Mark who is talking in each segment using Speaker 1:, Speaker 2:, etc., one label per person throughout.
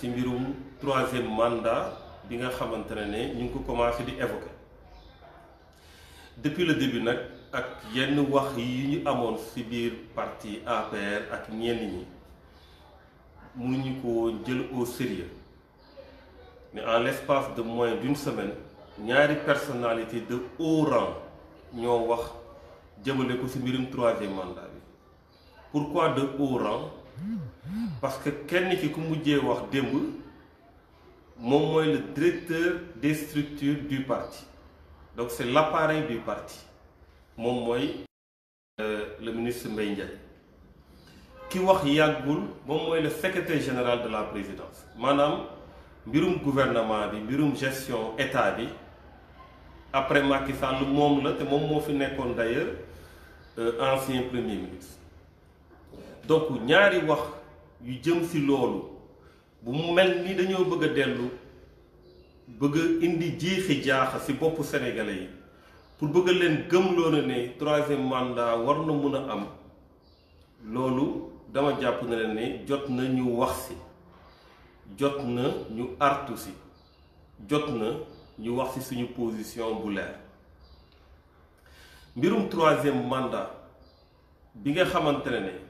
Speaker 1: ci mbirum troisième mandat bi nga xamantene ne ñu ko commencé di évoquer depuis le début nak ak yenn wax yi ñu amoon si biir parti APR ak ñenn ñi mënuñu ko jël au sérieux mais en l'espace de moins d'une semaine ñaari personnalité de haut rang ñoo wax jëmale ko si mbirum troisième mandat bi pourquoi de haut rang parce que quelqu'un qui est le directeur des structures du parti donc c'est l'appareil du parti moi euh, le ministre Mbengue qui ki le secrétaire général de la présidence Madame, le gouvernement le gestion de l'État, après Macky Sall suis le d'ailleurs euh, ancien premier ministre donc ñaari wax yu jëm si loolu bu mu mel ni dañoo bëgg a dellu bëgg indi jiixi jaaxa ci boppu sénégalais yi pour bëgg leen gëmloo na ne troisième mandat war na mun a am loolu dama jàpp na leen ne jot na ñu wax si jot na ñu artu si jot na ñu wax si suñu position bu leer mbirum troisième mandat bi nga xamante ne ne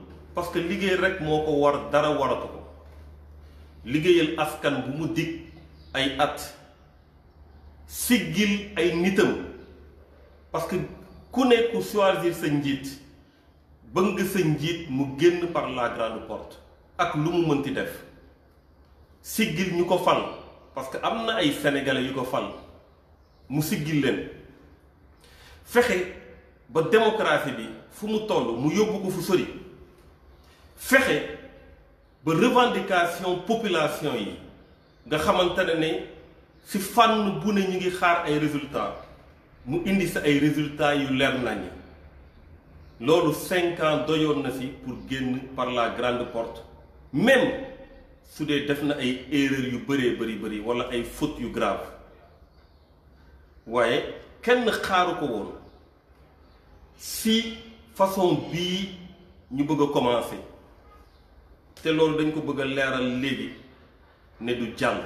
Speaker 1: parce que liggéey rek moo ko war dara waratu ko liggéeyal askan bu mu dig ay at siggil ay nitam parce que ku nekku ku choisir sa njiit bëgg sa njiit mu génn par la grande porte ak lu mu mënti def siggil ñu ko fal parce que am na ay sénégalais yu ko fal mu siggil leen fexe ba démocratie bi fu mu toll mu yóbbu ko fu sori C'est ba revendication population la population. si nous ne pas résultats mu indi sa résultats yu ans pour gagner par la grande porte même si vous erreurs ou des grave kenn si façon bi nous commencer. te loolu dañ ko bëgg leeral léegi ne du jàll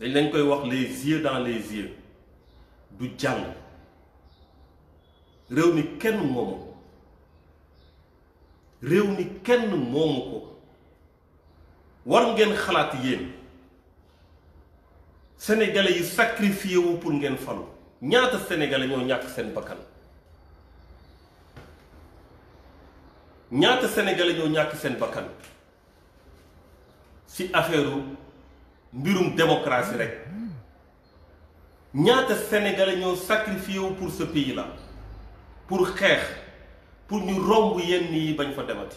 Speaker 1: dañ lañ koy wax les yeux dans les yeux du jàll réew mi kenn moomu réew mi kenn moomu ko war ngeen xalaat yéen senegale yi sacrifié wu pour ngeen falu ñaata sénégalais ñoo ñàkk seen bakkan ñaata sénégalais ñoo ñak seen bakkan ci affaireu mbirum démocratie rek ñaata sénégalais ñoo sacrifié pour ce pays là pour xeex pour ñu rombu yenn yi bañ fa demati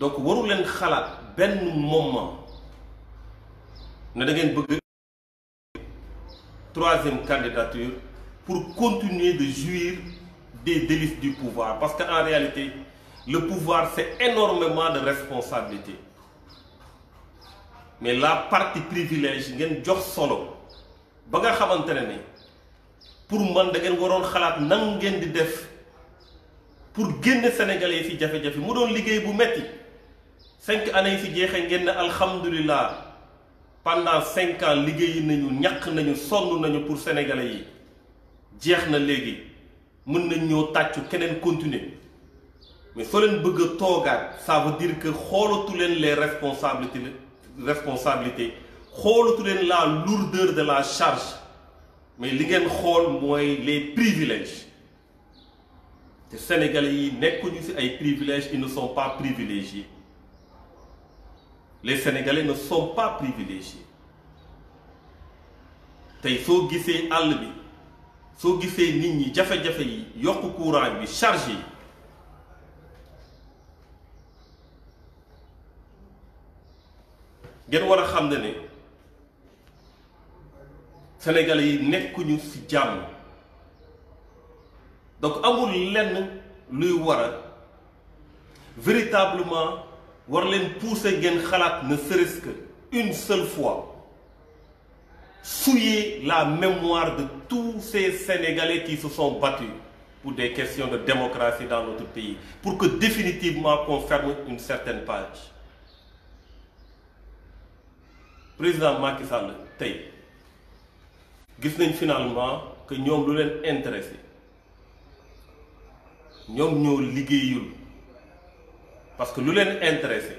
Speaker 1: donc waru len xalat un moment na da ngeen bëgg troisième candidature pour continuer de jouir des délices du pouvoir. Parce qu'en réalité, le pouvoir, c'est énormément de responsabilités. Mais la partie privilège, ngeen jox solo ba nga ni pour moi vous xalaat vous di pour pour les Sénégalais yi fi cinq années fi pendant 5 ans liggéey nañu ñàkk nañu sonn nañu pour Sénégalais yi vous avez mën nañ ñoo tàccu keneen continuer mais soo leen bëgg a ça veut dire que xoolatu leen les responsabilités responsabilités xoolatu leen la lourdeur de la charge mais li ngeen xool mooy les privilèges Les sénégalais yi nekkuñu ci ay privilèges ils ne sont pas privilégiés les sénégalais ne sont pas privilégiés tey soo gisee àll bi so gisee nit ñi jafé, jafé yi yokk courant bi charge gën wara ne Sénégalais yi nekkuñu ci jamm donc amul lenn luy wara. véritablement war leen pousser ngeen xalaat ne serait-ce une seule fois souiller la mémoire de tous ces Sénégalais qui se sont battus pour des questions de démocratie dans notre pays, pour que définitivement qu'on ferme une certaine page. Président Macky Sall Tay, nous nañ finalement que nous lu leen intéressé sommes ñoo parce que lu leen intéressé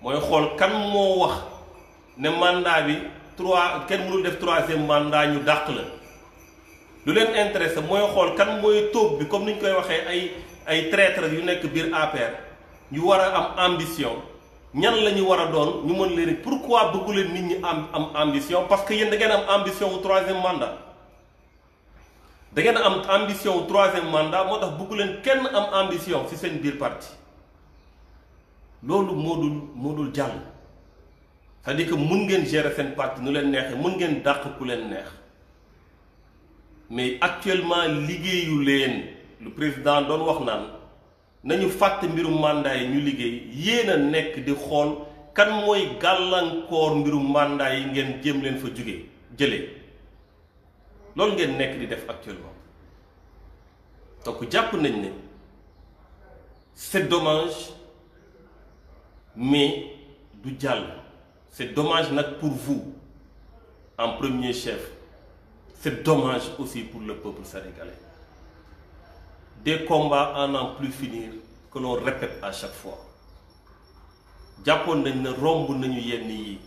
Speaker 1: mooy que kan moo wax ne mandat trois kenn mënul def troisième mandat ñu dàq la lu leen intéressé mooy xool kan mooy tóob bi comme ni ñu koy waxee ay ay traître yu nekk biir APR ñu war a am ambition ñan la ñu war a doon ñu mën leen pourquoi bëggu leen nit ñi am am ambition parce que yéen da ngeen am ambition wu troisième mandat da ngeen am ambition wu troisième mandat moo tax bëggu leen kenn am ambition ci seen biir partie loolu moo dul moo dul jàll c'est-à-dire que mun ngeen gérer seen parti nu leen neexee mun ngeen dàq ku leen neex mais actuellement liggéeyu leen le président Don wax naan nañu fàtte mbirum mandat yi ñu liggéey yéen a nekk di xool kan mooy gàllankoor mbirum mandat yi ngeen jéem leen fa jóge jëlee loolu ngeen nekk di def actuellement donc jàpp nañ ne c'est dommage mais du jàll. C'est dommage pour vous, en premier chef. C'est dommage aussi pour le peuple sénégalais. Des combats en n'en plus finir que l'on répète à chaque fois. sommes nañ ne romb nañu yenn yi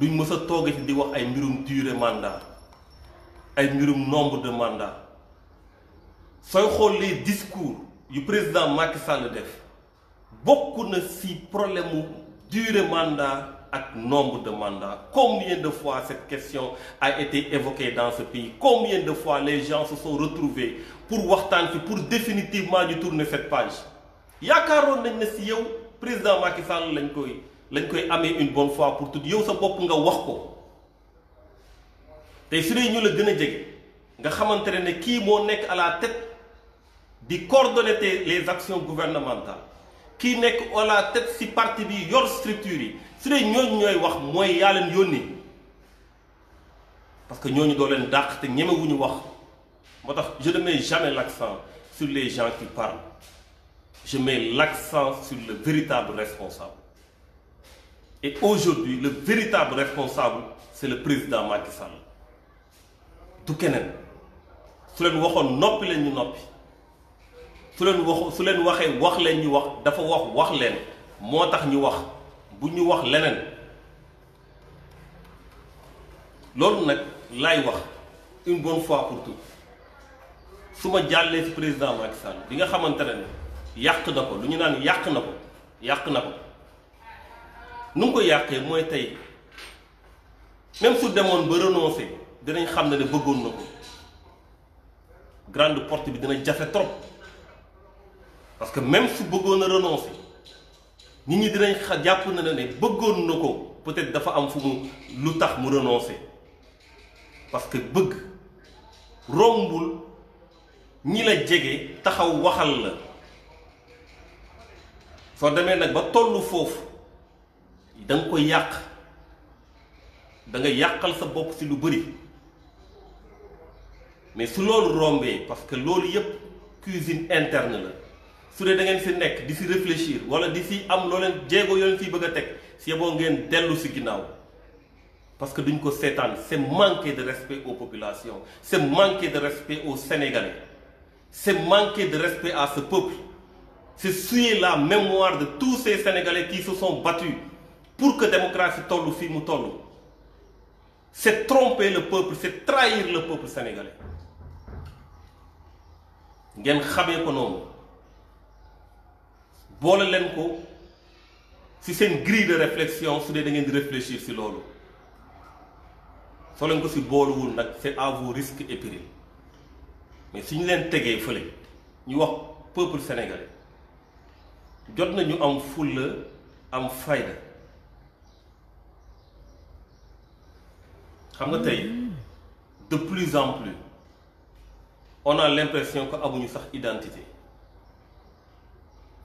Speaker 1: nous mës sommes ci di wax ay mbirum durée mandat ay mbirum nombre de mandat vous xool les discours du président Macky Sall beaucoup de na problèmes problème mandat et nombre de mandats combien de fois cette question a été évoquée dans ce pays combien de fois les gens se sont retrouvés pour pour définitivement tourner cette page Il y ne si yow président Macky Sall koy lañ une bonne fois pour tout yow sa bopp nga wax ko tey su ñu la gën a nga xamante ne ki à la tête de coordonner les actions gouvernementales qui n'est à la tête si parti bi yor structure yi su dee ñooñu wax moy yaa leen parce que ñooñu do leen dakk te wuñu wax motax je ne mets jamais l'accent sur les gens qui parlent je mets l'accent sur le véritable responsable et aujourd'hui le véritable responsable c'est le président Macky Sall tout kenen su leen waxoon noppi leen ñu noppi su leen wax su leen waxee wax leen ñu wax dafa wax wax leen moo tax ñu wax bu ñu wax leneen loolu nag lay wax une bonne fois pour tout su ma jàllee si président Macky bi nga xamante ne yàq na ko lu ñu naan yàq na ko yàq na ko nu mu ko yàqee mooy tey même su demoon ba renoncé dinañ xam ne ne bëggoon na ko grande porte bi dina jafe trop parce que même su bëggoon a renoncer nit ñi dinañ xa jàpp na ne bëggoon na ko peut-être dafa am fu mu lu tax mu renoncer parce que bëgg rombul ñi la jege taxaw waxal la soo demee nag ba tollu foofu da nga ko yàq da nga yàqal sa bopp ci lu bari mais su loolu rombee parce que loolu yépp cuisine interne la da si vous di si réfléchir wala di si am loo leen jéego yoo bëgg a si ngeen dellu si ginnaaw parce que duñ ko c'est manquer de respect aux populations c'est manquer de respect aux Sénégalais c'est manquer de respect à ce peuple c'est souiller la mémoire de tous ces Sénégalais qui se sont battus pour que la démocratie soit. fii mu c'est tromper le peuple c'est trahir le peuple sénégalais ngeen xamee ko noonu boole leen ko ci sen grille de réflexion su dee da ngeen di réfléchir ci lolu soo leen ko ci boolewul nak c'est à risque risques et péril mais si ñu leen tegee fële ñu wax peuple sénégalais jot nañu am fulla am fayda xam nga tay de plus en plus on a l'impression que amuñu sax identité